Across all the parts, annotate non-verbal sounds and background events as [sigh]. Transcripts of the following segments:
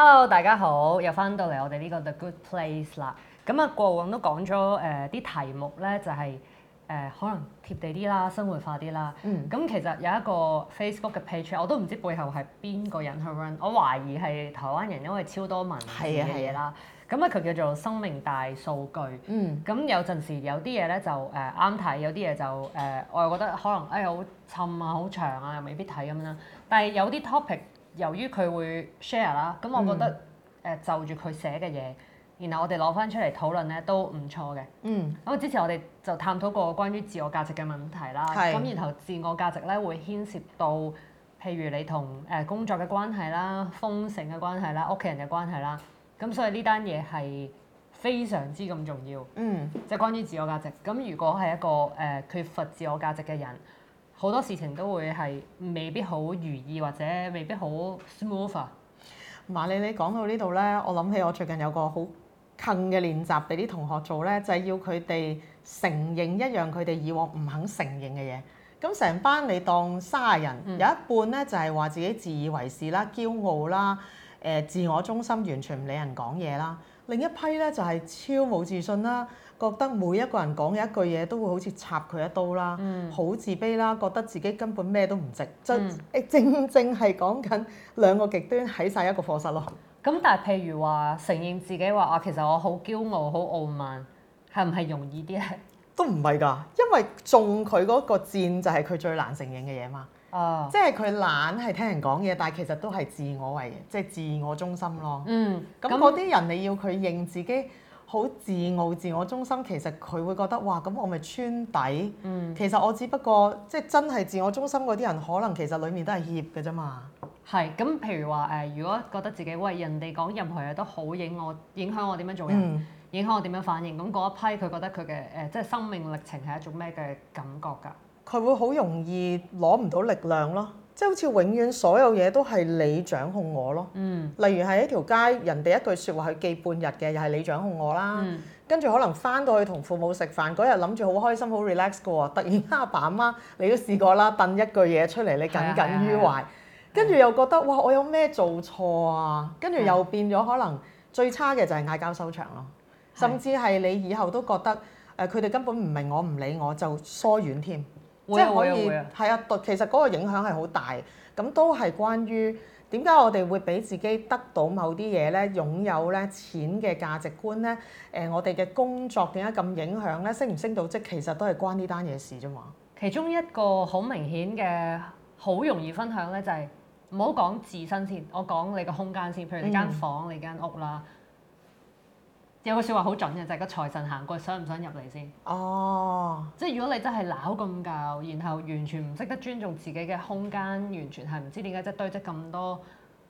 Hello，大家好，又翻到嚟我哋呢個 The Good Place 啦。咁啊，過往都講咗誒啲題目咧，就係、是、誒、呃、可能貼地啲啦，生活化啲啦。嗯。咁其實有一個 Facebook 嘅 page，我都唔知背後係邊個人去 run。我懷疑係台灣人，因為超多文字嘅嘢啦。咁啊，佢叫做生命大數據。嗯。咁有陣時有啲嘢咧就誒啱睇，有啲嘢就誒、呃呃、我又覺得可能哎好沉啊，好長啊，又未必睇咁樣啦。但係有啲 topic。由於佢會 share 啦，咁我覺得誒就住佢寫嘅嘢，嗯、然後我哋攞翻出嚟討論咧都唔錯嘅。嗯，咁之前我哋就探討過關於自我價值嘅問題啦。係是。咁然後自我價值咧會牽涉到，譬如你同誒工作嘅關係啦、豐盛嘅關係啦、屋企人嘅關係啦。咁所以呢單嘢係非常之咁重要。嗯。即係關於自我價值。咁如果係一個誒缺乏自我價值嘅人。好多事情都會係未必好如意，或者未必好 smooth 啊！麻利，你講到呢度咧，我諗起我最近有個好近嘅練習俾啲同學做咧，就係、是、要佢哋承認一樣佢哋以往唔肯承認嘅嘢。咁成班你當卅人，有一半咧就係話自己自以為是啦、嗯、驕傲啦、誒、呃、自我中心，完全唔理人講嘢啦。另一批咧就係、是、超冇自信啦，覺得每一個人講嘅一句嘢都會好似插佢一刀啦，好、嗯、自卑啦，覺得自己根本咩都唔值，真誒、嗯、正正係講緊兩個極端喺晒一個課室咯。咁但係譬如話承認自己話啊，其實我好驕傲，好傲慢，係唔係容易啲啊？都唔係㗎，因為中佢嗰個箭就係佢最難承認嘅嘢嘛。哦，即係佢懶係聽人講嘢，但係其實都係自我為，即係自我中心咯。嗯，咁嗰啲人你要佢認自己好自傲、自我中心，其實佢會覺得哇，咁我咪穿底。嗯，其實我只不過即係真係自我中心嗰啲人，可能其實裡面都係怯嘅啫嘛。係，咁譬如話誒、呃，如果覺得自己喂人哋講任何嘢都好影我，影響我點樣做人，嗯、影響我點樣反應，咁嗰一批佢覺得佢嘅誒即係生命歷程係一種咩嘅感覺㗎？佢會好容易攞唔到力量咯，即係好似永遠所有嘢都係你掌控我咯。嗯，例如係一條街，人哋一句説話佢記半日嘅，又係你掌控我啦。跟住、嗯、可能翻到去同父母食飯嗰日，諗住好開心好 relax 嘅，突然間阿爸阿媽，你都試過啦，彈一句嘢出嚟，你耿耿於懷，跟住又覺得哇我有咩做錯啊？跟住又變咗可能最差嘅就係嗌交收場咯，甚至係你以後都覺得誒佢哋根本唔明我唔理我就疏遠添。即係可以係啊，對，其實嗰個影響係好大，咁都係關於點解我哋會俾自己得到某啲嘢咧、擁有咧錢嘅價值觀咧？誒，我哋嘅工作點解咁影響咧？升唔升到職其實都係關呢單嘢事啫嘛。其中一個好明顯嘅、好容易分享咧、就係，就係唔好講自身先，我講你個空間先，譬如你間房、嗯、你間房、你間屋啦。有個説話好準嘅，就係、是、個財神行過，想唔想入嚟先？哦，即係如果你真係攪咁久，然後完全唔識得尊重自己嘅空間，完全係唔知點解即堆積咁多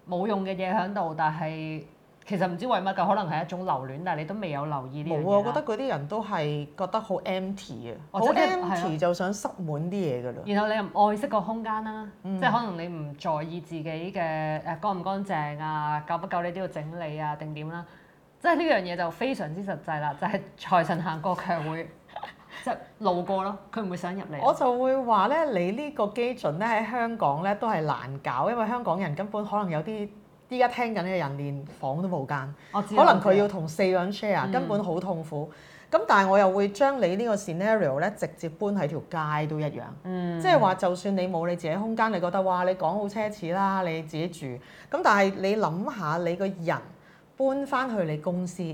冇用嘅嘢喺度，但係其實唔知為乜嘅，可能係一種留戀，但係你都未有留意呢嘢、啊。我覺得嗰啲人都係覺得好 empty、哦、empt 是啊，好 empty 就想塞滿啲嘢㗎啦。然後你又唔愛惜個空間啦，嗯、即係可能你唔在意自己嘅誒乾唔乾淨啊，夠唔夠你都要整理啊，定點啦。即係呢樣嘢就非常之實際啦，就係、是、財神行過佢會即係、就是、路過咯，佢唔會想入嚟。我就會話咧，你呢個基準咧喺香港咧都係難搞，因為香港人根本可能有啲依家聽緊呢個人連房都冇間，可能佢要同四個人 share 根本好痛苦。咁、嗯、但係我又會將你呢個 scenario 咧直接搬喺條街都一樣，嗯、即係話就算你冇你自己空間，你覺得哇你講好奢侈啦，你自己住。咁但係你諗下你個人。搬翻去你公司，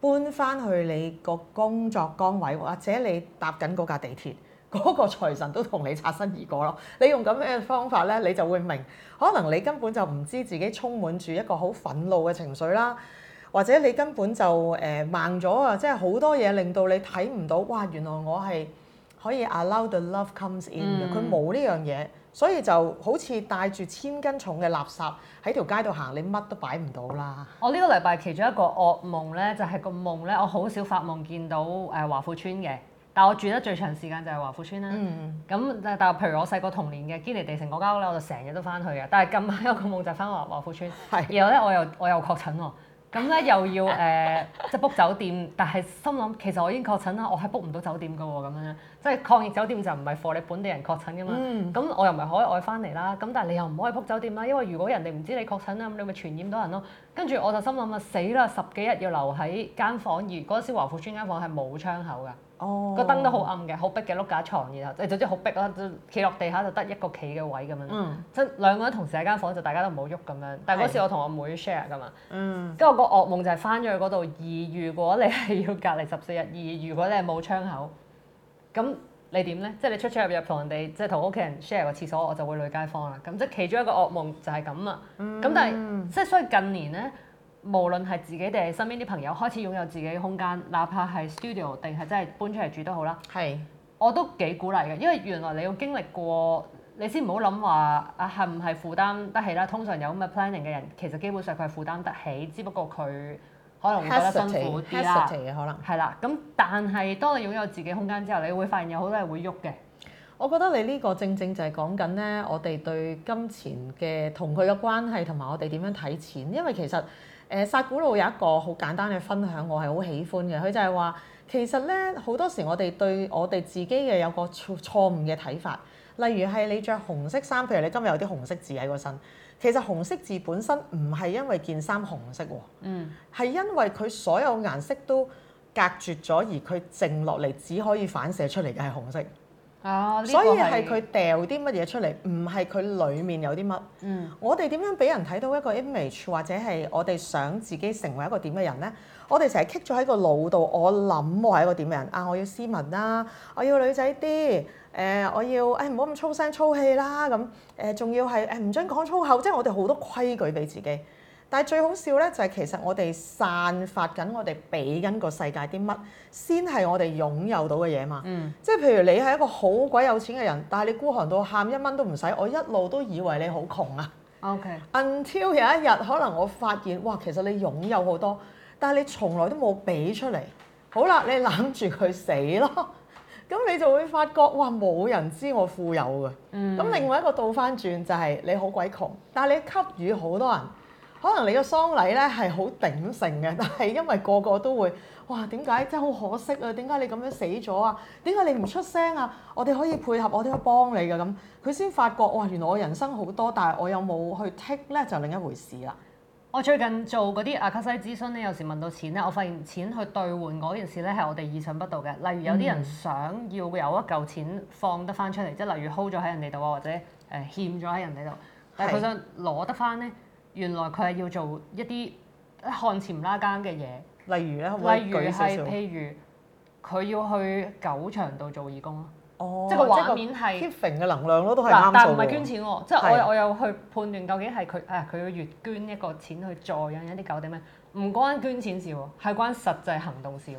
搬翻去你個工作崗位，或者你搭緊嗰架地鐵，嗰個財神都同你擦身而過咯。你用咁樣嘅方法咧，你就會明，可能你根本就唔知自己充滿住一個好憤怒嘅情緒啦，或者你根本就誒盲咗啊，即係好多嘢令到你睇唔到。哇！原來我係可以 allow the love comes in 嘅，佢冇呢樣嘢。所以就好似帶住千斤重嘅垃圾喺條街度行，你乜都擺唔到啦。我呢個禮拜其中一個噩夢咧，就係、是、個夢咧，我好少發夢見到誒華富村嘅，但係我住得最長時間就係華富村啦。咁、嗯、但係譬如我細個童年嘅堅尼地城嗰間屋咧，我就成日都翻去嘅。但係近排有個夢就翻落華富村，是然後咧我又我又確診喎。咁咧 [laughs] 又要誒即係 book 酒店，但係心諗其實我已經確診啦，我係 book 唔到酒店㗎喎，咁樣即係抗疫酒店就唔係貨，你本地人確診㗎嘛，咁、嗯、我又唔係海外翻嚟啦，咁但係你又唔可以 book 酒店啦，因為如果人哋唔知你確診啦，咁你咪傳染到人咯。跟住我就心諗啊，死啦！十幾日要留喺間房，而嗰陣時華富邨間房係冇窗口㗎。個、哦、燈都好暗嘅，好逼嘅碌架床然後誒，總之好逼啦，企落地下就得一個企嘅位咁樣，嗯、即係兩個人同時喺間房就大家都唔好喐咁樣。但係嗰時我同我妹 share 㗎嘛，跟住、嗯、我個噩夢就係翻咗去嗰度二。而如果你係要隔離十四日，而如果你係冇窗口，咁你點咧？即係你出出入入同人哋即係同屋企人 share 個廁所，我就會累街坊啦。咁即係其中一個噩夢就係咁啊。咁、嗯、但係即係所以近年咧。無論係自己定係身邊啲朋友開始擁有自己嘅空間，哪怕係 studio 定係真係搬出嚟住都好啦。係是，我都幾鼓勵嘅，因為原來你要經歷過，你先唔好諗話啊係唔係負擔得起啦。通常有咁嘅 planning 嘅人，其實基本上佢係負擔得起，只不過佢可能會覺得辛苦啲啦。可能係啦，咁但係當你擁有自己空間之後，你會發現有好多係會喐嘅。我覺得你呢個正正就係講緊咧，我哋對金錢嘅同佢嘅關係，同埋我哋點樣睇錢，因為其實。誒、呃、薩古路有一個好簡單嘅分享，我係好喜歡嘅。佢就係話，其實呢好多時我哋對我哋自己嘅有個錯錯誤嘅睇法。例如係你着紅色衫，譬如你今日有啲紅色字喺個身，其實紅色字本身唔係因為件衫紅色喎，係、嗯、因為佢所有顏色都隔絕咗，而佢剩落嚟只可以反射出嚟嘅係紅色。啊這個、所以係佢掉啲乜嘢出嚟，唔係佢裡面有啲乜。嗯、我哋點樣俾人睇到一個 image，或者係我哋想自己成為一個點嘅人咧？我哋成日棘咗喺個腦度，我諗我係一個點嘅人？啊，我要斯文啦、啊，我要女仔啲，誒、呃，我要誒唔好咁粗聲粗氣啦，咁誒，仲、呃、要係誒唔准講粗口，即、就、係、是、我哋好多規矩俾自己。但係最好笑咧，就係其實我哋散發緊，我哋俾緊個世界啲乜，先係我哋擁有到嘅嘢嘛。嗯，即係譬如你係一個好鬼有錢嘅人，但係你孤寒到喊一蚊都唔使，我一路都以為你好窮啊。OK，until Okay. 有一日可能我發現，哇，其實你擁有好多，但係你從來都冇俾出嚟。好啦，你攬住佢死咯。咁 [laughs] 你就會發覺，哇，冇人知我富有嘅。嗯，咁另外一個倒翻轉就係、是、你好鬼窮，但係你給予好多人。可能你個喪禮咧係好鼎盛嘅，但係因為個個都會，哇，點解真係好可惜啊？點解你咁樣死咗啊？點解你唔出聲啊？我哋可以配合，我哋可以幫你嘅。咁，佢先發覺，哇，原來我人生好多，但係我有冇去剔咧就另一回事啦。我最近做嗰啲阿卡西諮詢咧，有時問到錢咧，我發現錢去兌換嗰件事咧係我哋意想不到嘅。例如有啲人想要有一嚿錢放得翻出嚟，嗯、即係例如 hold 咗喺人哋度啊，或者誒欠咗喺人哋度，但係佢想攞得翻咧。原來佢係要做一啲看潛拉更嘅嘢，例如咧，例如係譬如佢要去狗場度做義工咯，哦、即係個畫面係 keeping 嘅能量咯，都係啱做嘅。唔係捐錢喎，即係係，我我有去判斷究竟係佢誒佢要月捐一個錢去助養一啲狗定咩？唔關捐錢事喎，係關實際行動事喎。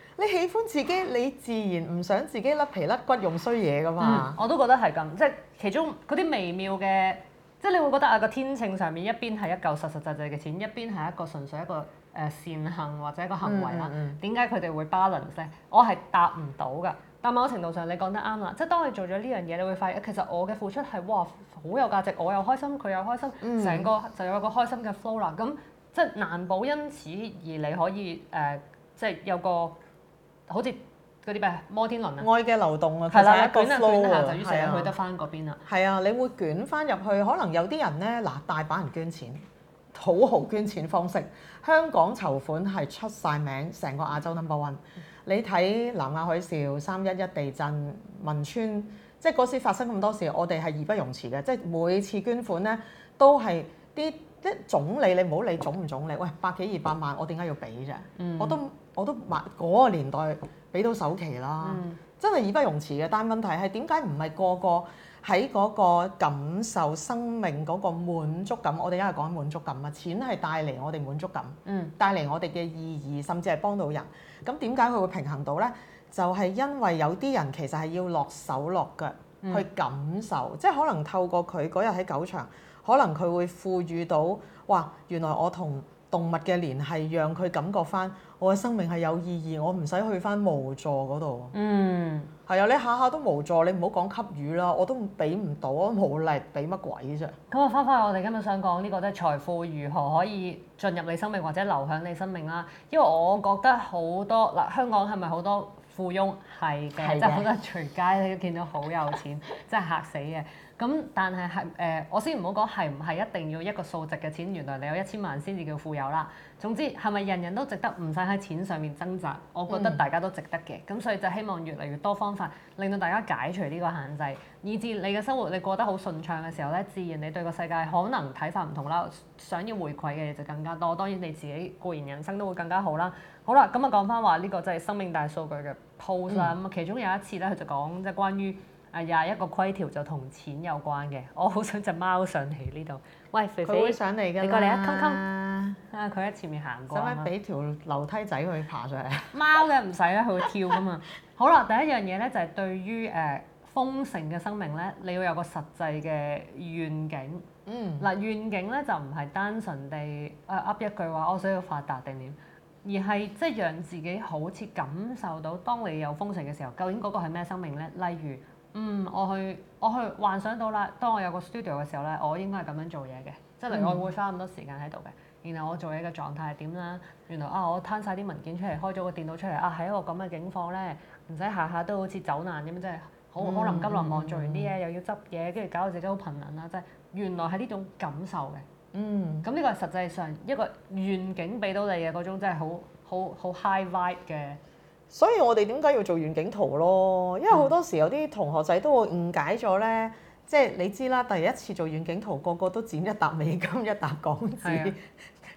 你喜歡自己，你自然唔想自己甩皮甩骨用衰嘢㗎嘛、嗯？我都覺得係咁，即係其中嗰啲微妙嘅，即係你會覺得啊個天秤上面一邊係一嚿實實在在嘅錢，一邊係一個純粹一個誒善行或者一個行為啦。點解佢哋會 balance 咧？我係答唔到㗎。但某程度上你講得啱啦，即係當你做咗呢樣嘢，你會發現其實我嘅付出係哇好有價值，我又開心，佢又開心，成、嗯、個就有一個開心嘅 flow 啦。咁即係難保因此而你可以誒、呃，即係有個。好似嗰啲咩摩天輪啊，愛嘅流動啊，其實一個 flow 喎，捲啊，捲啊，就成日去得翻嗰邊啦，係啊，你會捲翻入去，可能有啲人咧，嗱、啊、大把人捐錢，土豪捐錢方式，香港籌款係出晒名，成個亞洲 number one。你睇南亞海嘯、三一一地震、汶川，即係嗰時發生咁多事，我哋係義不容辭嘅，即係每次捐款咧都係啲。即係總理，你唔好理總唔總理。喂，百幾二百萬，我點解要俾啫、嗯？我都我都買嗰個年代俾到首期啦，嗯、真係義不容辭嘅。但係問題係點解唔係個個喺嗰個感受生命嗰個滿足感？我哋而家講緊滿足感啊，錢係帶嚟我哋滿足感，帶嚟我哋嘅、嗯、意義，甚至係幫到人。咁點解佢會平衡到咧？就係、是、因為有啲人其實係要落手落腳去感受，嗯、即係可能透過佢嗰日喺九場。可能佢會賦予到，哇！原來我同動物嘅聯繫，讓佢感覺返，我嘅生命係有意義，我唔使去返無助嗰度、嗯嗯。嗯，係啊，你下下都無助，你唔好講給予啦，我都俾唔到，我都冇力，俾乜鬼啫？咁啊、嗯，花花，我哋今日想講呢個咧，財富如何可以進入你生命或者流響你生命啦？因為我覺得好多嗱，香港係咪好多富翁係嘅？的即係好多隨街都見到好有錢， [laughs] 真係嚇死嘅。咁但係係誒，我先唔好講係唔係一定要一個數值嘅錢，原來你有一千萬先至叫富有啦。總之係咪人人都值得唔使喺錢上面掙扎？我覺得大家都值得嘅。咁、嗯、所以就希望越嚟越多方法，令到大家解除呢個限制，以致你嘅生活你過得好順暢嘅時候咧，自然你對個世界可能睇法唔同啦。想要回饋嘅嘢就更加多。當然你自己固然人生都會更加好啦。好啦，咁啊講返話呢、呢個就係生命大數據嘅 post 啦。咁、嗯、其中有一次咧，佢就講即係關於。啊！廿一個規條就同錢有關嘅，我好想隻貓上嚟呢度。喂，肥肥，會上嚟㗎，你過嚟啦～冚冚啊！佢喺前面行過。使唔使俾條樓梯仔佢爬上嚟？貓嘅唔使啦，佢會跳㗎嘛。 [laughs] 好啦，第一樣嘢咧就係對於誒豐盛嘅生命咧，你要有個實際嘅願景。嗯。嗱、呃，願景咧就唔係單純地啊噏、呃、一句話，我想要發達定點，而係即係讓自己好似感受到，當你有豐盛嘅時候，究竟嗰個係咩生命咧？例如。嗯，我去，我去幻想到啦。當我有個 studio 嘅時候咧，我應該係咁樣做嘢嘅，即係、嗯、我會花咁多時間喺度嘅。然後我做嘢嘅狀態係點啦？原來啊，我攤晒啲文件出嚟，開咗個電腦出嚟啊，喺一個咁嘅境況咧，唔使下下都好似走難咁，即係、嗯、好可能臨急臨忙做完啲嘢又要執嘢，跟住搞到自己好疲能啦。即係原來係呢種感受嘅。嗯，咁呢、嗯、個係實際上一個願景俾到你嘅嗰種，真係好好 high vibe 嘅。所以我哋點解要做遠景圖咯？因為好多時有啲同學仔都會誤解咗咧，嗯、即係你知啦，第一次做遠景圖，個個，個都剪一沓美金一沓港紙，是的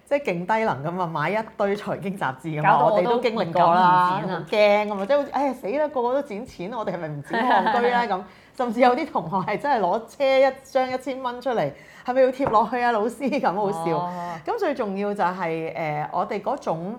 即係勁低能噶嘛，買一堆財經雜誌噶嘛，我哋都經歷過啦，好驚啊嘛，即係好似唉死啦，個個都剪錢，我哋係咪唔剪戇居咧咁？ [laughs] 甚至有啲同學係真係攞車一張一千蚊出嚟，係咪要貼落去啊，老師咁好笑？咁、哦、最重要就係、是、誒，呃、我哋嗰種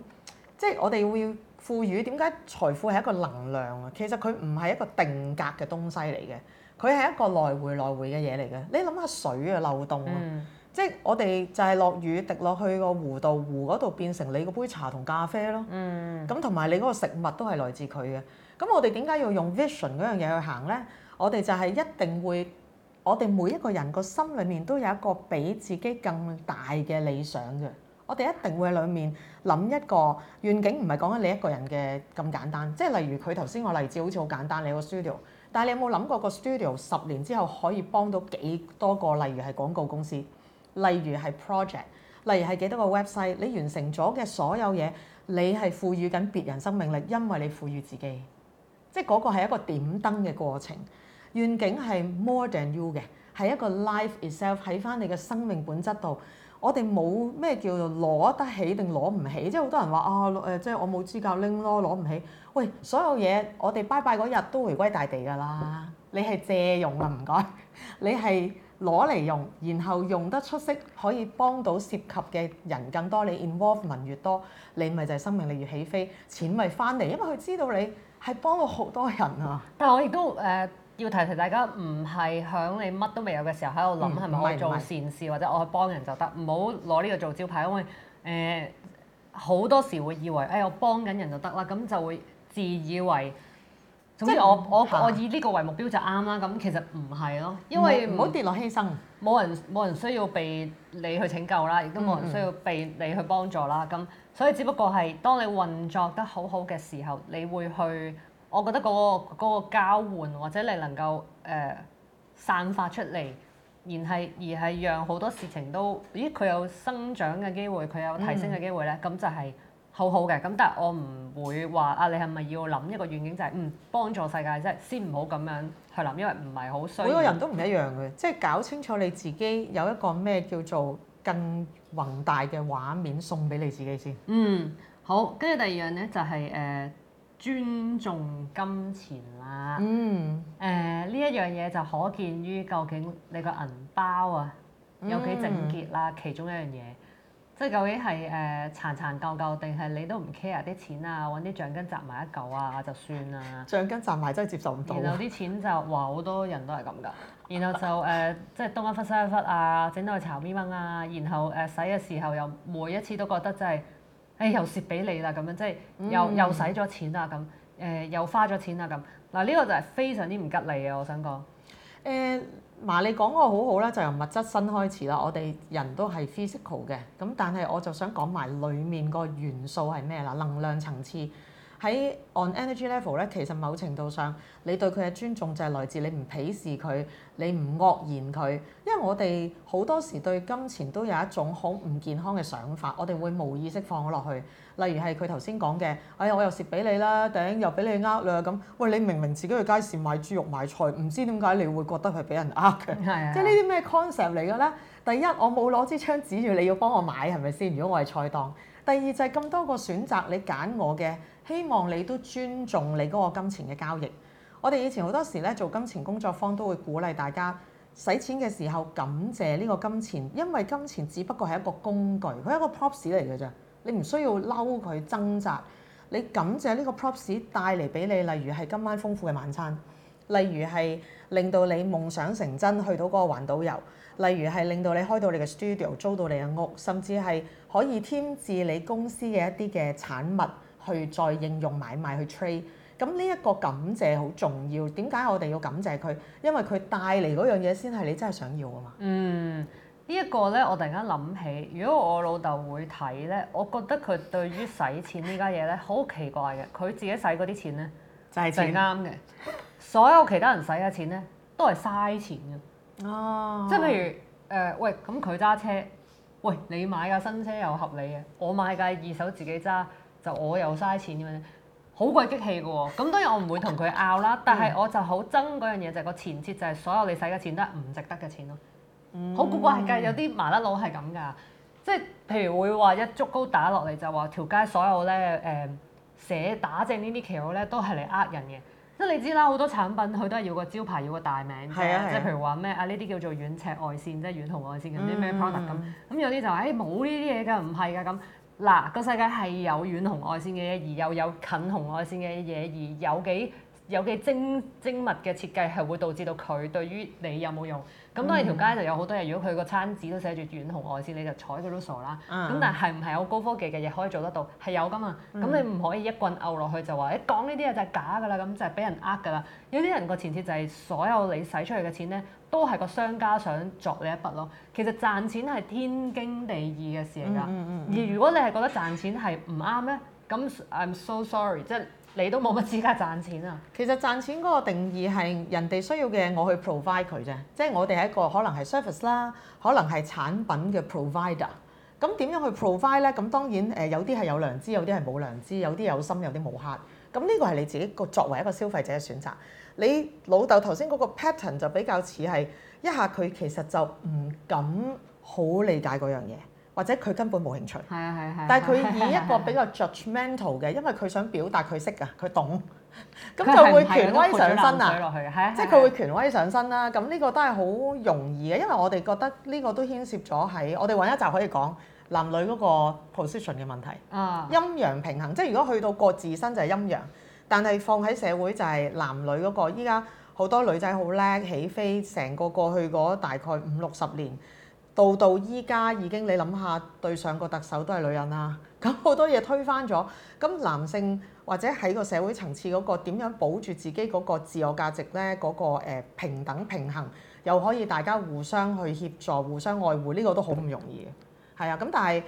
即係我哋會。富裕，點解財富係一個能量啊？其實佢唔係一個定格嘅東西嚟嘅，佢係一個來回來回嘅嘢嚟嘅。你諗下水啊，漏洞、嗯，啊，即係我哋就係落雨滴落去個湖度，湖嗰度變成你個杯茶同咖啡咯。咁同埋你嗰個食物都係來自佢嘅。咁我哋點解要用 vision 嗰樣嘢去行咧？我哋就係一定會，我哋每一個人個心裡面都有一個比自己更大嘅理想嘅。我哋一定會喺裡面諗一個願景，唔係講緊你一個人嘅咁簡單。即係例如佢頭先個例子好似好簡單，你個 studio，但係你有冇諗過個 studio 十年之後可以幫到幾多個？例如係廣告公司，例如係 project，例如係幾多個 website？你完成咗嘅所有嘢，你係賦予緊別人生命力，因為你賦予自己。即係嗰個係一個點燈嘅過程，願景係 more than you 嘅，係一個 life itself 喺返你嘅生命本質度。我哋冇咩叫做攞得起定攞唔起，即係好多人話啊，誒，即係我冇資格拎咯，攞唔起。喂，所有嘢我哋拜拜嗰日都回歸大地㗎啦。你係借用啊，唔該，你係攞嚟用，然後用得出色，可以幫到涉及嘅人更多，你 involvement 越多，你咪就係生命力越起飛，錢咪翻嚟，因為佢知道你係幫到好多人啊。但係我亦都誒。呃要提提大家，唔係響你乜都未有嘅時候喺度諗，係咪我去做善事，或者我去幫人就得？唔好攞呢個做招牌，因為誒好、呃、多時會以為，誒、哎、我幫緊人就得啦，咁就會自以為，即係我我我以呢個為目標就啱啦。咁其實唔係咯，因為唔好跌落犧牲，冇人冇人需要被你去拯救啦，亦都冇人需要被你去幫助啦。咁所以只不過係當你運作得好好嘅時候，你會去。我覺得嗰個交換，或者你能夠誒、呃、散發出嚟，而係而係讓好多事情都，咦佢有生長嘅機會，佢有提升嘅機會咧，咁、嗯、就係好好嘅。咁但係我唔會話啊，你係咪要諗一個願景，就係、是、嗯幫助世界即係先，先唔好咁樣去諗，因為唔係好需要。每個人都唔一樣嘅，即係搞清楚你自己有一個咩叫做更宏大嘅畫面送俾你自己先。嗯，好。跟住第二樣咧就係、是、誒。呃尊重金錢啦，誒呢、嗯呃、一樣嘢就可見於究竟你個銀包啊、嗯、有幾整潔啦，其中一樣嘢，即係究竟係誒殘殘舊舊定係你都唔 care 啲錢啊，揾啲橡筋紮埋一嚿啊就算啦。橡筋紮埋真係接受唔到。然後啲錢就哇好多人都係咁㗎。然後就誒、呃、即係東一忽西一忽啊，整到去巢咪掹啊，然後誒洗嘅時候又每一次都覺得真係。誒、哎、又蝕俾你啦，咁樣即係又又使咗錢啦，咁誒、嗯、又花咗錢啦，咁嗱呢個就係非常之唔吉利啊！我想講誒，嗱你講個好好啦，就由物質身開始啦，我哋人都係 physical 嘅，咁但係我就想講埋裡面個元素係咩啦？能量層次。喺 on energy level 咧，其實某程度上，你對佢嘅尊重就係來自你唔鄙視佢，你唔惡言佢。因為我哋好多時對金錢都有一種好唔健康嘅想法，我哋會無意識放咗落去。例如係佢頭先講嘅，哎呀我又蝕俾你啦，頂又俾你呃啦咁。喂，你明明自己去街市買豬肉買菜，唔知點解你會覺得係俾人呃嘅？係是的 即係呢啲咩 concept 嚟嘅咧？第一我冇攞支槍指住你要幫我買係咪先？如果我係菜檔。第二就係、是、咁多個選擇，你揀我嘅。希望你都尊重你嗰個金錢嘅交易。我哋以前好多時咧做金錢工作坊都會鼓勵大家使錢嘅時候感謝呢個金錢，因為金錢只不過係一個工具，佢係一個 props 嚟嘅咋，你唔需要嬲佢掙扎，你感謝呢個 props 帶嚟俾你，例如係今晚豐富嘅晚餐，例如係令到你夢想成真去到嗰個環島遊，例如係令到你開到你嘅 studio，租到你嘅屋，甚至係可以添置你公司嘅一啲嘅產物。去再應用買賣去 trade，咁呢一個感謝好重要。點解我哋要感謝佢？因為佢帶嚟嗰樣嘢先係你真係想要㗎嘛。嗯，這個、呢一個咧，我突然間諗起，如果我老豆會睇咧，我覺得佢對於使錢，錢呢家嘢咧好奇怪嘅。佢自己使嗰啲錢咧就係最啱嘅，所有其他人使嘅錢咧都係嘥錢嘅。哦，即係譬如誒、呃，喂，咁佢揸車，喂，你買架新車又合理嘅，我買架二手自己揸。就我又嘥錢咁樣，好鬼激氣嘅喎。咁當然我唔會同佢拗啦，但係我就好憎嗰樣嘢就係、是、個前設就係所有你使嘅錢都係唔值得嘅錢咯。好、嗯、古怪㗎，有啲麻甩佬係咁㗎，即係譬如會話一竹篙打落嚟就話條街所有咧誒寫打正呢啲旗號咧都係嚟呃人嘅。即係你知啦，好多產品佢都係要個招牌要個大名即係、啊、譬如話咩啊呢啲叫做遠赤外線即係遠紅外線嗰啲咩 product 咁，咁、嗯、有啲就話誒冇呢啲嘢㗎，唔係㗎咁。嗱，這個世界係有遠紅外線嘅嘢，而又有有近紅外線嘅嘢，而有幾。有幾精精密嘅設計係會導致到佢對於你有冇用？咁當然條街就有好多嘢，如果佢個餐紙都寫住遠紅外線，你就睬佢都傻啦。咁但係唔係有高科技嘅嘢可以做得到？係有㗎嘛？咁你唔可以一棍毆落去就話一講呢啲嘢就係假㗎啦，咁就係俾人呃㗎啦。有啲人個前設就係所有你使出嚟嘅錢咧，都係個商家想作你一筆咯。其實賺錢係天經地義嘅事嚟㗎。而如果你係覺得賺錢係唔啱咧，咁 I'm so sorry，即係。你都冇乜資格賺錢啊！其實賺錢嗰個定義係人哋需要嘅，我去 provide 佢啫。即係我哋係一個可能係 service 啦，可能係產品嘅 provider。咁點樣去 provide 呢？咁當然誒，有啲係有良知，有啲係冇良知，有啲有心，有啲冇黑。咁呢個係你自己個作為一個消費者嘅選擇。你老豆頭先嗰個 pattern 就比較似係一下佢其實就唔敢好理解嗰樣嘢。或者佢根本冇興趣，但係佢以一個比較 judgmental 嘅，因為佢想表達佢識㗎，佢懂，咁 [laughs] 就會權威上身啊！即係佢會權威上身啦。咁呢個都係好容易嘅，因為我哋覺得呢個都牽涉咗喺我哋揾一集可以講男女嗰個 position 嘅問題。啊，陰陽平衡，即係如果去到個自身就係陰陽，但係放喺社會就係男女嗰個。依家好多女仔好叻起飛，成個過去嗰大概五六十年。到到依家已經，你諗下，對上個特首都係女人啦，咁好多嘢推翻咗。咁男性或者喺個社會層次嗰個點樣保住自己嗰個自我價值呢？嗰個、呃、平等平衡，又可以大家互相去協助、互相愛護，呢個都好唔容易嘅。係啊，咁但係。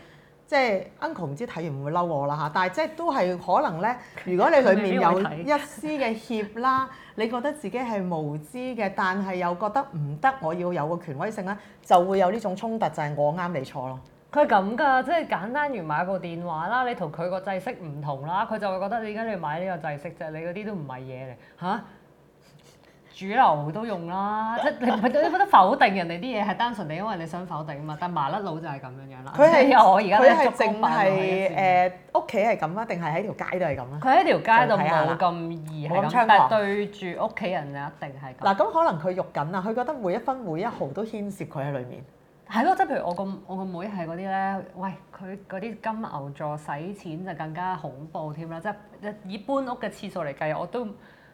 即係 Uncle 唔知睇完唔會嬲我啦嚇，但係即係都係可能咧。如果你裡面有一絲嘅怯啦， [laughs] 你覺得自己係無知嘅，但係又覺得唔得，我要有個權威性啦，就會有呢種衝突，就係、是、我啱你錯咯。佢咁㗎，即係簡單，如買個電話啦，你同佢個制式唔同啦，佢就會覺得你點解你要買呢個制式就啫？你嗰啲都唔係嘢嚟嚇。主流都用啦，即係你唔覺得否定人哋啲嘢係單純地，因為你想否定嘛。但麻甩佬就係咁樣樣啦。佢係我而家淨係。佢係正係誒，屋企係咁啊，定係喺條街都係咁啊？佢喺條街度冇咁易冇咁猖狂。但對住屋企人就一定係。嗱、啊，咁可能佢喐緊啊！佢覺得每一分每一毫都牽涉佢喺裡面。係咯，即係譬如我個我個妹係嗰啲咧，喂，佢嗰啲金牛座使錢就更加恐怖添啦！即係以搬屋嘅次數嚟計，我都。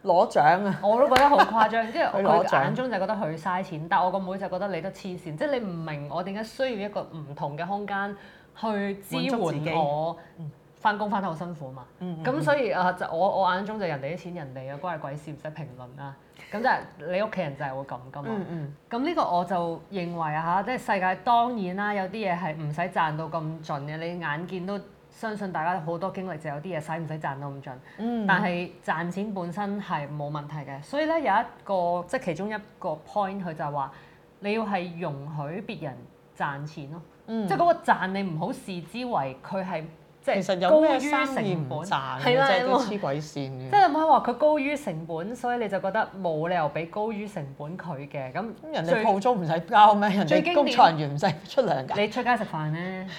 攞獎啊！ [laughs] 拿獎 我都覺得好誇張，因為佢眼中就覺得佢嘥錢，但我個妹，妹就覺得你都黐線，即係你唔明我點解需要一個唔同嘅空間去支援我翻工翻得好辛苦嘛。咁、嗯嗯、所以啊，就我我眼中就人哋啲錢人哋啊，關係鬼事，唔使評論啦。咁就係你屋企人就係會咁噶嘛。咁呢、嗯嗯、個我就認為嚇、啊，即係世界當然啦、啊，有啲嘢係唔使賺到咁盡嘅，你眼見都。相信大家好多經歷就有啲嘢使唔使賺都咁盡，嗯、但係賺錢本身係冇問題嘅。所以咧，有一個即係其中一個 point，佢就係話你要係容許別人賺錢咯，嗯、即係嗰個賺你唔好視之為佢係即係高於成本有賺，係啦的，黐鬼線嘅。嗯、即係唔可以話佢高於成本，所以你就覺得冇理由俾高於成本佢嘅咁。人哋鋪租唔使交咩？人哋工作人員唔使出糧㗎。你出街食飯咧？ [laughs]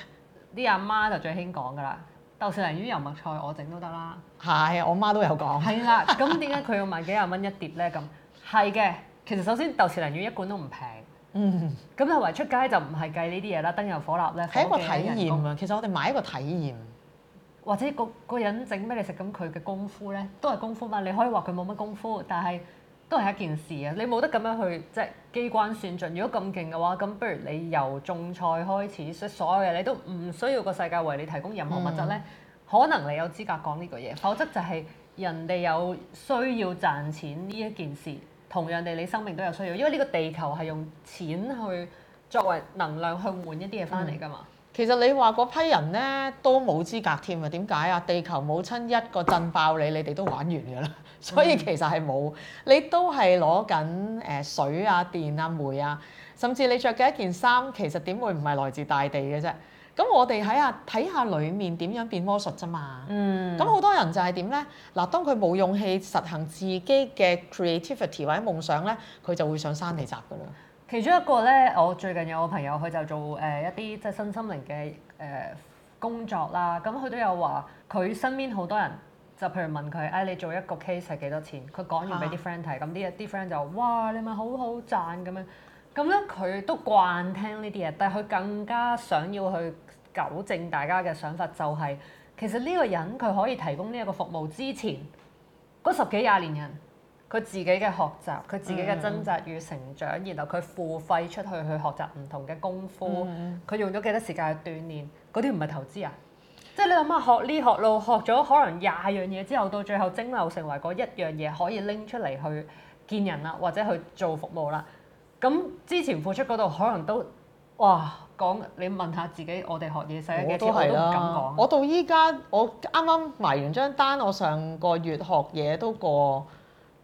啲阿媽就最興講㗎啦，豆豉鯪魚油麥菜我整都得啦。係，我媽都有講。係啦了，咁點解佢要賣幾廿蚊一碟咧？咁係嘅，其實首先豆豉鯪魚一罐都唔平。嗯，咁同埋出街就唔係計呢啲嘢啦，燈油火蠟咧。係一個體驗啊，其實我哋買一個體驗，或者個個人整畀你食，咁佢嘅功夫咧都係功夫嘛。你可以話佢冇乜功夫，但係。都係一件事啊！你冇得咁樣去即係機關算盡。如果咁勁嘅話，咁不如你由種菜開始，所以所有嘢你都唔需要個世界為你提供任何物質呢、嗯、可能你有資格講呢個嘢，否則就係人哋有需要賺錢呢一件事，同樣地你生命都有需要，因為呢個地球係用錢去作為能量去換一啲嘢翻嚟㗎嘛。嗯其實你話嗰批人咧都冇資格添啊，點解啊？地球母親一個震爆你， [coughs] 你哋都玩完㗎啦。所以其實係冇，你都係攞緊誒水啊、電啊、煤啊，甚至你着嘅一件衫，其實點會唔係來自大地嘅啫？咁我哋睇下，睇下裡面點樣變魔術啫嘛。嗯。咁好多人就係點咧？嗱，當佢冇勇氣實行自己嘅 creativity 或者夢想咧，佢就會上山地閘㗎啦。其中一個咧，我最近有個朋友，佢就做誒、呃、一啲即係身心靈嘅誒、呃、工作啦。咁佢都有話，佢身邊好多人就譬如問佢：哎，你做一個 case 係幾多錢？佢講完俾啲 friend 睇，咁啲啲 friend 就：哇，你咪好好賺咁樣。咁咧，佢都慣聽呢啲嘢，但係佢更加想要去糾正大家嘅想法，就係，就係其實呢個人佢可以提供呢一個服務之前，嗰十幾廿年人。佢自己嘅學習，佢自己嘅掙扎與成長，然後佢付費出去去學習唔同嘅功夫，佢、嗯、用咗幾多時間去鍛鍊，嗰啲唔係投資啊！即係你諗下學呢學路學咗可能廿樣嘢之後，到最後蒸餾成為嗰一樣嘢，可以拎出嚟去見人啦，或者去做服務啦。咁之前付出嗰度可能都哇講，你問下自己，我哋學嘢細嘅時候都唔敢講。我到依家我啱啱埋完張單，我上個月學嘢都過。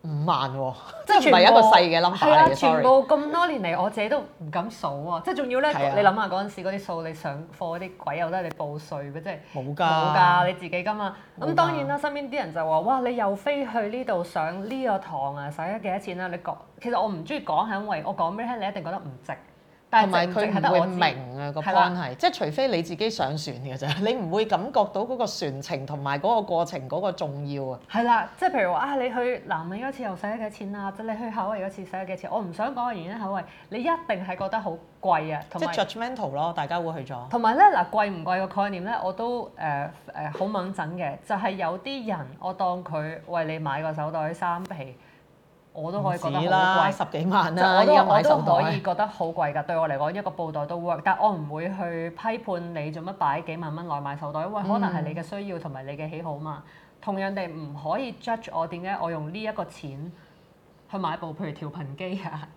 五萬喎、啊，即係唔係一個細嘅諗下嘅。全部咁多年嚟，我自己都唔敢數喎、啊，即係仲要咧。是啊、你諗下嗰陣時嗰啲數，你上課嗰啲鬼又得你報稅咩？即係冇㗎，冇㗎，你自己㗎嘛。咁沒的 當然啦，身邊啲人就話：哇，你又飛去呢度上呢個堂啊，使咗幾多錢啊？你講，其實我唔中意講，係因為我講俾你聽，你一定覺得唔值。同埋佢唔會明啊，正正個關係，即係的除非你自己上船嘅啫，的你唔會感覺到嗰個船程同埋嗰個過程嗰個重要啊。係啦，即係譬如話啊，你去南美嗰次又使咗幾錢啊？即你去海味嗰次使咗幾錢？我唔想講個原因海味，你一定係覺得好貴啊。同埋。即係 judgmental 咯，大家會去咗。同埋咧，嗱，貴唔貴個概念咧，我都誒誒好掹陣嘅，就係、是、有啲人我當佢為你買個手袋三、三皮。我都可以覺得好貴,貴，十幾萬啦，我買手袋。我都可以覺得好貴噶，對我嚟講一個布袋都 work，但係我唔會去批判你做乜擺幾萬蚊來買手袋，因為可能係你嘅需要同埋你嘅喜好嘛。嗯、同樣地唔可以 judge 我點解我用呢一個錢去買部譬如調頻機啊，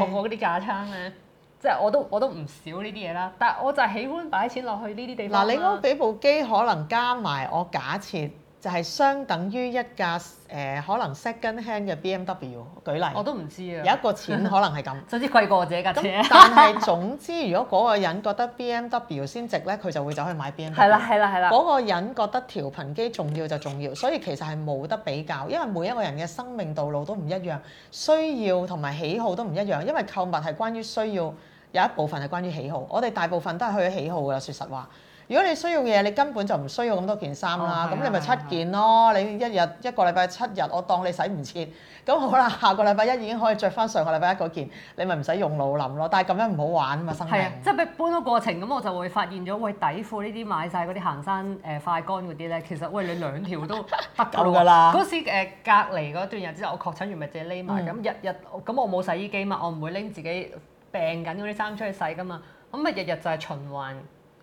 我我嗰啲架撐咧，即係我都我都唔少呢啲嘢啦。但係我就係喜歡擺錢落去呢啲地方。嗱，你嗰幾部機可能加埋我假設。就係相等於一架誒、呃、可能 second hand 嘅 BMW，舉例我都唔知啊。有一個錢可能係咁，總 [laughs] 之貴過我自己架車。但係總之，如果嗰個人覺得 BMW 先值咧，佢就會走去買 BMW。係啦，係啦，係啦。嗰個人覺得調頻機重要就重要，所以其實係冇得比較，因為每一個人嘅生命道路都唔一樣，需要同埋喜好都唔一樣。因為購物係關於需要，有一部分係關於喜好。我哋大部分都係去咗喜好㗎喇，說實話。如果你需要嘅嘢，你根本就唔需要咁多件衫啦。咁、哦、你咪七件咯。嗯、你一日一個禮拜七日，我當你洗唔切。咁好啦，下個禮拜一已經可以着翻上個禮拜一嗰件。你咪唔使用腦諗咯。但係咁樣唔好玩啊嘛，生命。係啊，即係你搬屋過程咁，我就會發現咗，喂，底褲呢啲買晒，嗰啲行山誒快乾嗰啲咧，其實喂你兩條都得夠㗎啦。嗰 [laughs] 時、呃、 [laughs] 隔離嗰段日子，我確診完咪自己匿埋，咁日日咁我冇洗衣機嘛，我唔會拎自己病緊嗰啲衫出去洗㗎嘛。咁咪日日就係循環。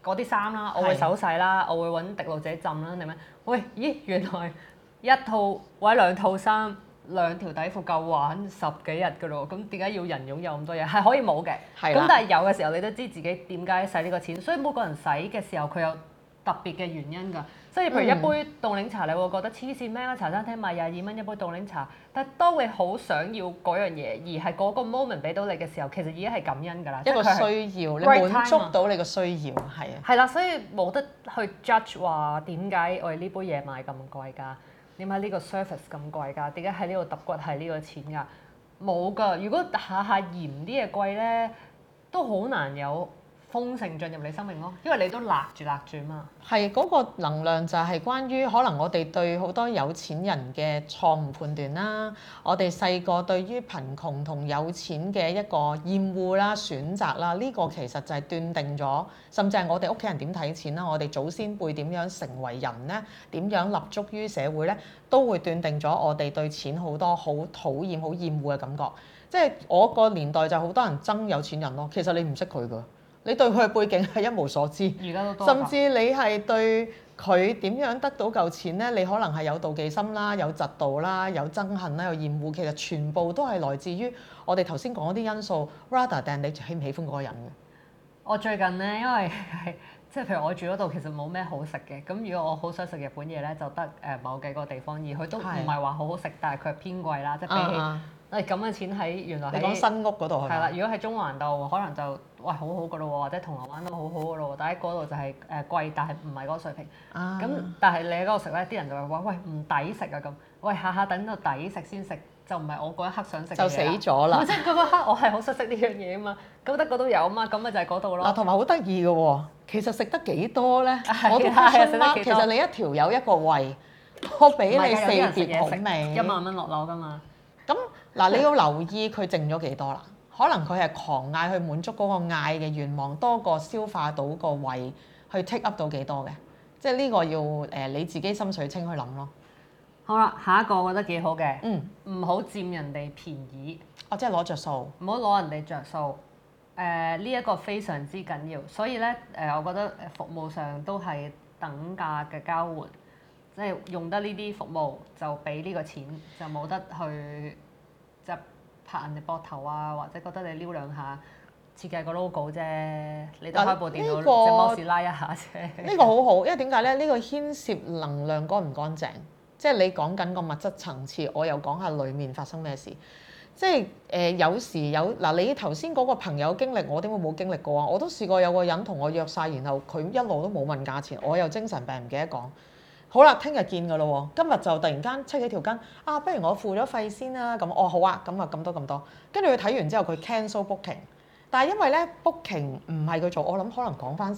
嗰啲衫啦，我會手洗啦，我會揾滴露浸者浸啦，定咩？喂，咦，原來一套或者兩套衫、兩條底褲夠玩十幾日嘅咯，咁點解要人擁有咁多嘢？係可以冇嘅，咁的但係有嘅時候，你都知自己點解使呢個錢，所以每個人使嘅時候，佢有特別嘅原因㗎，即係譬如一杯凍檸茶，你會覺得黐線咩？茶餐廳賣廿二蚊一杯凍檸茶，但係當你好想要嗰樣嘢而係嗰個 moment 俾到你嘅時候，其實已經係感恩㗎啦。一個需要，你滿足到你嘅需要，係啊。係啦，所以冇得去 judge 話點解我哋呢杯嘢賣咁貴㗎？點解呢個 service 咁貴㗎？點解喺呢度揼骨係呢個錢㗎？冇㗎，如果下下嫌啲嘢貴咧，都好難有。豐盛進入你生命咯，因為你都揦住揦住嘛。係嗰個能量就係關於可能我哋對好多有錢人嘅錯誤判斷啦。我哋細個對於貧窮同有錢嘅一個厭惡啦、選擇啦，呢個其實就係斷定咗，甚至係我哋屋企人點睇錢啦，我哋祖先輩點樣成為人咧，點樣立足於社會咧，都會斷定咗我哋對錢好多好討厭、好厭惡嘅感覺。即係我個年代就好多人憎有錢人咯，其實你唔識佢㗎。你對佢嘅背景係一無所知，都甚至你係對佢點樣得到嚿錢咧，你可能係有妒忌心啦、有嫉妒啦、有憎恨啦、有厭惡，其實全部都係來自於我哋頭先講嗰啲因素，rather than 你喜唔喜歡嗰個人嘅。我最近咧，因為係即係譬如我住嗰度，其實冇咩好食嘅。咁如果我好想食日本嘢咧，就得誒某幾個地方，而佢都唔係話好好食，的但係佢係偏貴啦，即係比起誒咁嘅錢喺原來你講新屋嗰度係啦，如果喺中環度，可能就。喂，好好噶咯喎，或者銅鑼灣都好好噶咯喎，但喺嗰度就係、是、誒、呃、貴，但係唔係嗰個水平。咁、啊、但係你喺嗰度食咧，啲人就話：喂，唔抵食啊！咁，喂，下下等到抵食先食，就唔係我嗰一刻想食。就死咗啦！即係嗰刻，我係好想食呢樣嘢啊嘛。咁得嗰度有啊嘛，咁咪就係嗰度咯。同埋好得意嘅喎，其實食得幾多咧？哎、呀我都出翻。哎、其實你一條友一個胃，我俾你四碟好味，一萬蚊落樓噶嘛。咁嗱， [laughs] 你要留意佢剩咗幾多啦。 [laughs] [laughs] 可能佢係狂嗌去滿足嗰個嗌嘅願望，多過消化到個胃去 take up 到幾多嘅，即係呢個要誒、呃、你自己心水清去諗咯。好啦，下一個我覺得幾好嘅，嗯，唔好佔人哋便宜。哦，即係攞着數，唔好攞人哋着數。誒、呃，呢、這、一個非常之緊要，所以咧誒、呃，我覺得服務上都係等價嘅交換，即、就、係、是、用得呢啲服務就俾呢個錢，就冇得去執。拍人哋膊頭啊，或者覺得你撩兩下，設計個 logo 啫。你都開部電腦，隻 mouse 拉一下啫。呢、這個好、這個、好，因為點解咧？呢、這個牽涉能量乾唔乾淨，即係你講緊個物質層次，我又講下裡面發生咩事。即係誒、呃，有時有嗱、啊，你頭先嗰個朋友經歷，我點會冇經歷過啊？我都試過有個人同我約晒，然後佢一路都冇問價錢，我又精神病唔記得講。好啦，聽日見㗎咯喎，今日就突然間出咗條筋，啊，不如我付咗費先啦，咁哦，好啊，咁啊咁多咁多，跟住佢睇完之後，佢 cancel booking，但係因為咧 booking 唔係佢做，我諗可能講返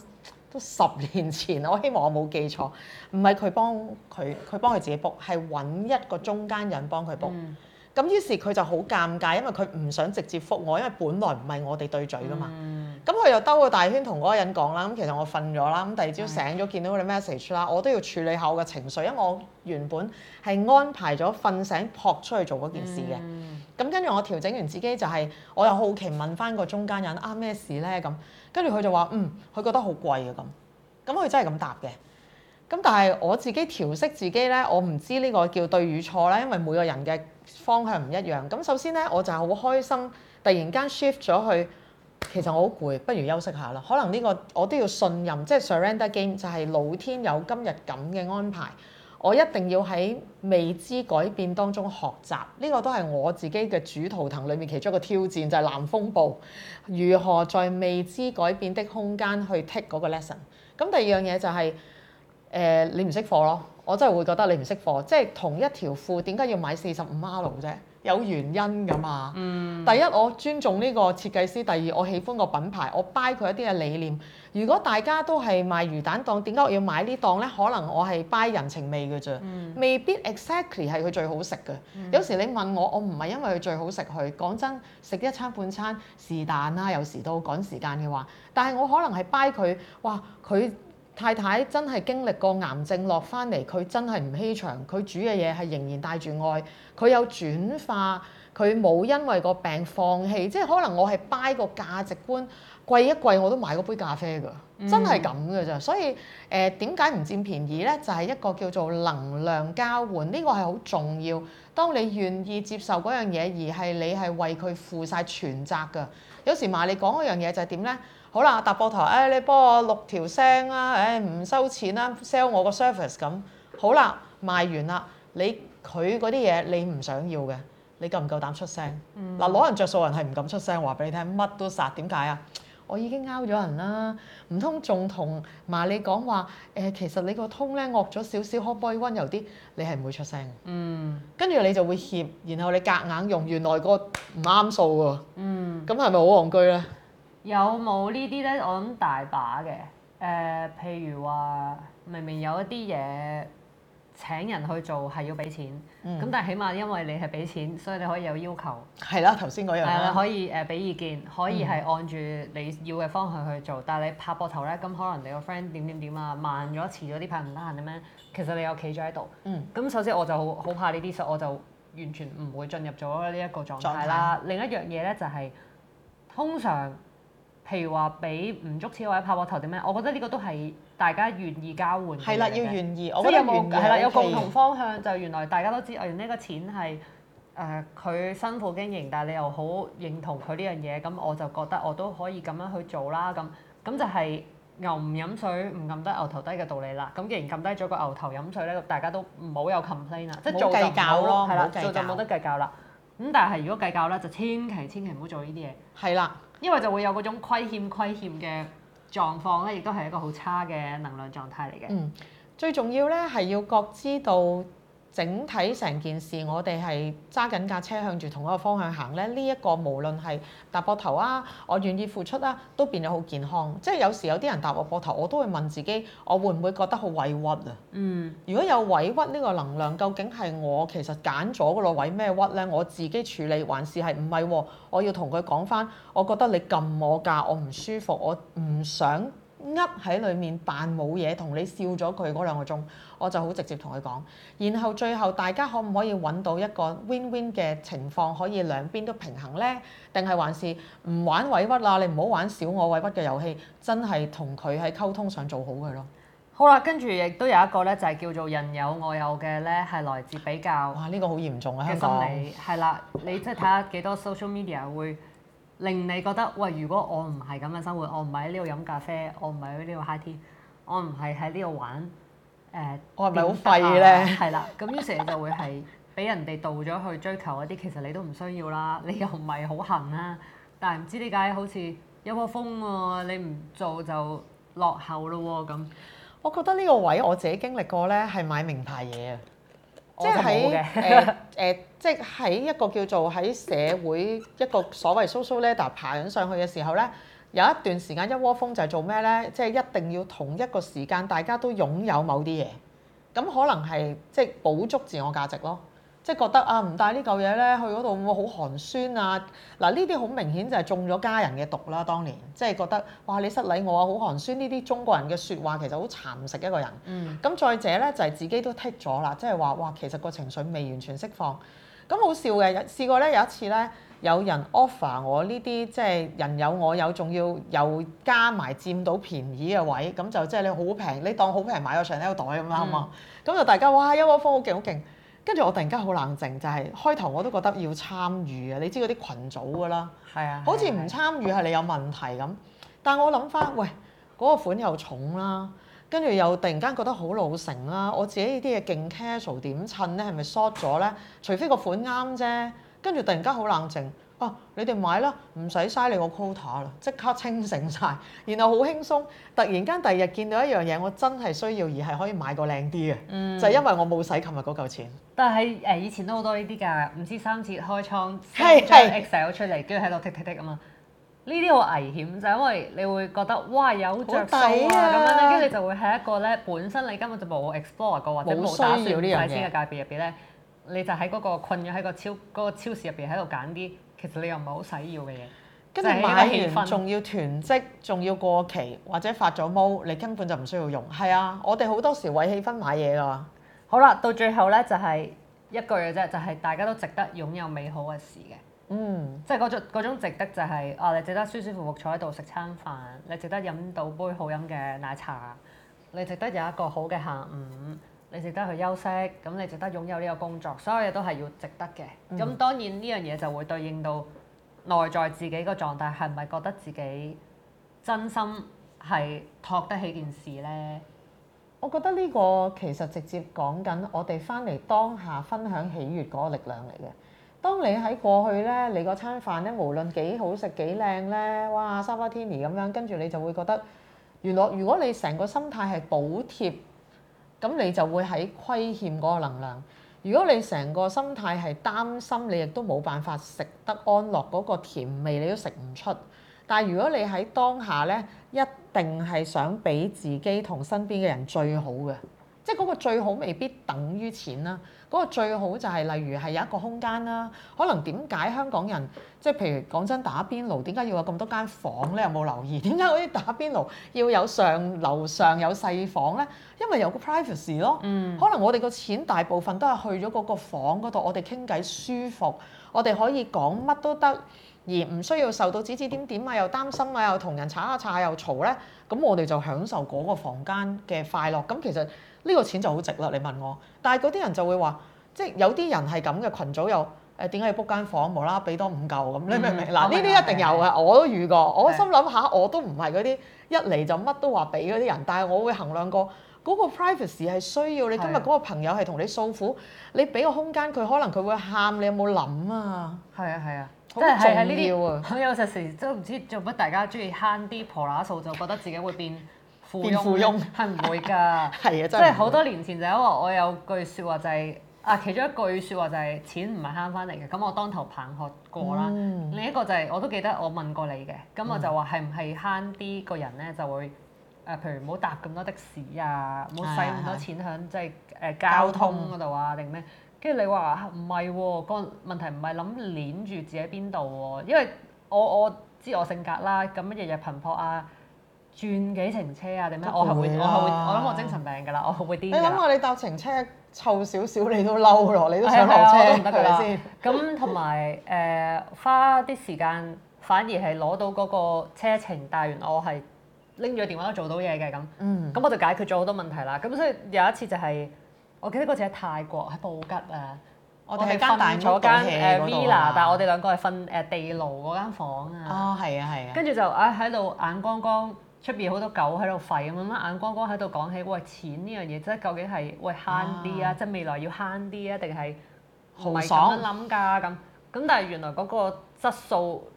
都十年前，我希望我冇記錯，唔係佢幫佢，佢幫佢自己 book，係揾一個中間人幫佢 book，咁於是佢就好尷尬，因為佢唔想直接覆我，因為本來唔係我哋對嘴㗎嘛。嗯咁佢又兜個大圈同嗰個人講啦，咁其實我瞓咗啦，咁第二朝醒咗見到佢 message 啦，我都要處理下我嘅情緒，因為我原本係安排咗瞓醒撲出去做嗰件事嘅。咁跟住我調整完自己就係、是，我又好奇問翻個中間人啊，咩事咧？咁跟住佢就話嗯，佢覺得好貴呀咁，咁佢真係咁答嘅。咁但係我自己調適自己咧，我唔知呢個叫對與錯咧，因為每個人嘅方向唔一樣。咁首先咧，我就係好開心，突然間 shift 咗去。其實我好攰，不如休息下啦。可能呢個我都要信任，即係 surrender game，就係老天有今日咁嘅安排。我一定要喺未知改變當中學習。呢、這個都係我自己嘅主圖騰裡面其中一個挑戰，就係、是、南風暴。如何在未知改變的空間去 take 嗰個 lesson？咁、嗯、第二樣嘢就係、是、誒、呃，你唔識貨咯。我真係會覺得你唔識貨。即係同一條褲，點解要買四十五碼路啫？有原因㗎嘛？嗯、第一我尊重呢個設計師，第二我喜歡個品牌，我 buy 佢一啲嘅理念。如果大家都係賣魚蛋檔，點解我要買呢檔呢？可能我係 buy 人情味㗎啫，嗯、未必 exactly 係佢最好食嘅。嗯、有時你問我，我唔係因為佢最好食佢，講真，食一餐半餐是但啦，有時都趕時間嘅話，但係我可能係 buy 佢，哇佢。太太真係經歷過癌症落翻嚟，佢真係唔欺場，佢煮嘅嘢係仍然帶住愛，佢有轉化，佢冇因為個病放棄。即係可能我係 buy 個價值觀，貴一貴，我都買嗰杯咖啡㗎，真係咁㗎咋。所以誒點解唔佔便宜呢？就係、是、一個叫做能量交換，呢個係好重要。當你願意接受嗰樣嘢，而係你係為佢負晒全責㗎。有時麻利講嗰樣嘢就係點呢？好啦，搭波台，誒、哎、你幫我錄條聲啦，誒、哎、唔收錢啦，sell 我個 service 咁。好啦，賣完啦，你佢嗰啲嘢你唔想要嘅，你夠唔夠膽出聲？嗱、嗯，攞人着數人係唔敢出聲，話俾你聽，乜都殺，點解啊？我已經 out 咗人啦，唔通仲同埋你講話？誒、呃，其實你個通咧惡咗少少，可唔可以溫柔啲？你係唔會出聲。嗯。跟住你就會怯，然後你夾硬，硬用原來個唔啱數喎。嗯。咁係咪好戇居咧？有冇呢啲咧？我諗大把嘅。誒、呃，譬如話，明明有一啲嘢請人去做係要俾錢，咁、嗯、但係起碼因為你係俾錢，所以你可以有要求。係啦，頭先嗰樣啦、呃。可以誒，俾、呃、意見，可以係按住你要嘅方向去做。嗯、但係你拍膊頭咧，咁可能你個 friend 點點點啊，慢咗遲咗啲拍唔得閒咁樣。其實你又企咗喺度。咁、嗯、首先我就好好怕呢啲，所以我就完全唔會進入咗呢一個狀態啦。嗯嗯、另一樣嘢咧就係、是、通常，常。譬如話俾唔足錢或者拍膊頭點樣，我覺得呢個都係大家願意交換嘅。係啦，要願意，我覺得願意有契。係啦移，有共同方向的就原來大家都知，原來呢個錢係誒佢辛苦經營，但係你又好認同佢呢樣嘢，咁我就覺得我都可以咁樣去做啦。咁咁就係牛唔飲水唔撳低牛頭低嘅道理啦。咁既然撳低咗個牛頭飲水咧，大家都唔好有 complain 啊，即係冇計較咯，係啦，冇計較冇得計較啦。咁但係如果計較咧，就千祈千祈唔好做呢啲嘢。係啦。因為就會有嗰種虧欠、虧欠嘅狀況咧，亦都係一個好差嘅能量狀態嚟嘅。嗯，最重要咧係要覺知道。整體成件事，我哋係揸緊架車向住同一個方向行咧。呢、這、一個無論係搭膊頭啊，我願意付出啦、啊，都變咗好健康。即係有時有啲人搭我膊頭，我都會問自己，我會唔會覺得好委屈啊？嗯，如果有委屈呢個能量，究竟係我其實揀咗個位咩屈咧？我自己處理，還是係唔係我要同佢講翻？我覺得你撳我價，我唔舒服，我唔想。噏喺裏面扮冇嘢，同你笑咗佢嗰兩個鐘，我就好直接同佢講。然後最後大家可唔可以揾到一個 win win 嘅情況，可以兩邊都平衡呢？定係還是唔玩委屈啦？你唔好玩小我委屈嘅遊戲，真係同佢喺溝通上做好佢咯。好啦，跟住亦都有一個呢，就係叫做人有我有嘅呢，係來自比較。哇！呢個好嚴重啊，嘅心理係啦，你即係睇下幾多 social media 會。令你覺得喂，如果我唔係咁嘅生活，我唔喺呢度飲咖啡，我唔喺呢度 high tea，我唔係喺呢度玩，誒、呃，我係咪好廢咧？係啦、嗯，咁於是你就會係俾人哋導咗去追求一啲其實你都唔需要啦，你又唔係好行啦，但係唔知點解好似有個風喎、啊，你唔做就落後咯喎咁。我覺得呢個位我自己經歷過咧，係買名牌嘢啊，即係好嘅。 [laughs] 即係喺一個叫做喺社會一個所謂 social ladder 爬緊上去嘅時候呢，有一段時間一窩蜂就係做咩呢？即係一定要同一個時間大家都擁有某啲嘢，咁可能係即係補足自我價值咯。即係覺得啊，唔帶呢嚿嘢呢去嗰度會好寒酸啊！嗱、啊，呢啲好明顯就係中咗家人嘅毒啦。當年即係覺得哇，你失禮我啊，好寒酸呢啲中國人嘅説話其實好蠶食一個人。嗯。咁再者呢，就係自己都剔咗啦，即係話哇，其實個情緒未完全釋放。咁好笑嘅，試過咧有一次咧，有人 offer 我呢啲，即係人有我有，仲要又加埋佔到便宜嘅位，咁就即係你好平，你當好平買個 Chanel 袋咁啦嘛。咁、嗯、就大家哇一窩蜂好勁好勁，跟住我突然間好冷靜，就係、是、開頭我都覺得要參與啊，你知嗰啲群組噶啦，係啊，好似唔參與係你有問題咁。但係我諗翻，喂，嗰、那個款又重啦。跟住又突然間覺得好老成啦、啊，我自己 ual，呢啲嘢勁 casual，點襯咧？係咪 short 咗咧？除非個款啱啫。跟住突然間好冷靜，哦、啊，你哋買啦，唔使嘥你個 quota 啦，即刻清醒晒。然後好輕鬆，突然間第二日見到一樣嘢，我真係需要而係可以買個靚啲嘅，嗯、就因為我冇使琴日嗰嚿錢。嗯、但係誒以前都好多呢啲㗎，唔知三折開倉，寫是出 Excel 出嚟，跟住喺度剔剔剔啊嘛。呢啲好危險，就係因為你會覺得哇，有著數啊，咁樣咧，跟住你就會喺一個咧，本身你根本就冇 explore 過或者冇打算喺呢個界別入邊咧，你就喺嗰個困咗喺個超嗰個超市入邊喺度揀啲，其實你又唔係好使要嘅嘢，跟住買完仲要囤積，仲要過期或者發咗毛，你根本就唔需要用。係啊，我哋好多時為氣氛買嘢㗎。好啦，到最後咧就係一句嘅啫，就係大家都值得擁有美好嘅事嘅。嗯，即係嗰種嗰種值得就係、是，啊你值得舒舒服服坐喺度食餐飯，你值得飲到杯好飲嘅奶茶，你值得有一個好嘅下午，你值得去休息，咁你值得擁有呢個工作，所有嘢都係要值得嘅。咁、嗯、當然呢樣嘢就會對應到內在自己個狀態，係咪覺得自己真心係托得起件事呢？我覺得呢個其實直接講緊我哋翻嚟當下分享喜悅嗰個力量嚟嘅。當你喺過去咧，你個餐飯咧，無論幾好食幾靚咧，哇，沙三文治咁樣，跟住你就會覺得原來如果你成個心態係補貼，咁你就會喺虧欠嗰個能量。如果你成個心態係擔心，你亦都冇辦法食得安樂嗰個甜味，你都食唔出。但係如果你喺當下咧，一定係想俾自己同身邊嘅人最好嘅，即係嗰個最好未必等於錢啦。嗰個最好就係例如係有一個空間啦、啊，可能點解香港人即係譬如講真打邊爐，點解要有咁多間房呢？你有冇留意？點解好似打邊爐要有上樓上有細房咧？因為有個 privacy 咯。嗯。可能我哋個錢大部分都係去咗嗰個房嗰度，我哋傾偈舒服，我哋可以講乜都得，而唔需要受到指指點點啊，又擔心啊，又擦啊，擦啊，擦啊，又同人吵下吵下又嘈咧。咁我哋就享受嗰個房間嘅快樂。咁其實。呢個錢就好值啦！你問我，但係嗰啲人就會話，即係有啲人係咁嘅群組又誒點解要 book 間房，無啦啦俾多五嚿咁，你明唔、嗯、明？嗱，呢啲一定有嘅，我都遇過。我心諗下，我都唔係嗰啲一嚟就乜都話俾嗰啲人，但係我會衡量過嗰、嗰個 privacy 係需要。你今日嗰個朋友係同你訴苦，你俾個空間佢，可能佢會喊。你有冇諗啊？係啊係啊，真係係呢啲。我有時成日都唔知做乜，大家中意慳啲婆乸數，就覺得自己會變變富翁係唔會㗎， [laughs] 即係好多年前就因為我有句説話就係、是、啊，其中一句説話就係錢唔係慳翻嚟嘅，咁我當頭棒喝過啦。嗯、另一個就係、是、我都記得我問過你嘅，咁我就話係唔係慳啲個人咧就會誒、啊，譬如唔好搭咁多的士啊，唔好使咁多錢喺即係誒交通嗰度啊定咩？跟住你話唔係喎，啊啊那個問題唔係諗攆住自己邊度喎，因為我我知我性格啦，咁日日頻撲啊。轉幾程車啊定咩？我係會，我係會，我諗我精神病噶啦，我會癲。你諗下，你搭程車湊少少，你都嬲咯，你都想落車都唔得係咪先？咁同埋誒花啲時間，反而係攞到嗰個車程，但係原我係拎咗個電話都做到嘢嘅咁。嗯。咁我就解決咗好多問題啦。咁所以有一次就係，我記得嗰次喺泰國喺布吉啊，我哋係交大坐間誒 villa，但係我哋兩個係瞓誒地牢嗰間房啊。啊，係啊，係啊。跟住就啊，喺度眼光光。出面好多狗喺度吠，咁樣眼光光喺度講起，喂，錢呢樣嘢真係究竟係，喂慳啲啊，啊即係未來要慳啲啊，定係好係咁樣諗㗎？啊？咁咁爽但係原來嗰個質素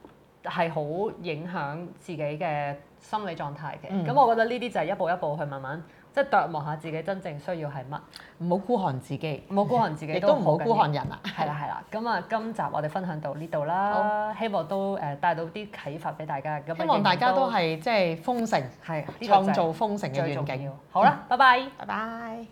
係好影響自己嘅心理狀態嘅。咁、嗯、我覺得呢啲就係一步一步去慢慢。即係度望下自己真正需要係乜，唔好孤寒自己，唔好孤寒自己都唔好孤寒人啊！係啦係啦，咁啊今集我哋分享到呢度啦，好希望都誒帶到啲啟發俾大家。咁希望大家都係即係豐盛，係創造豐盛嘅環境。好啦，拜拜，拜拜。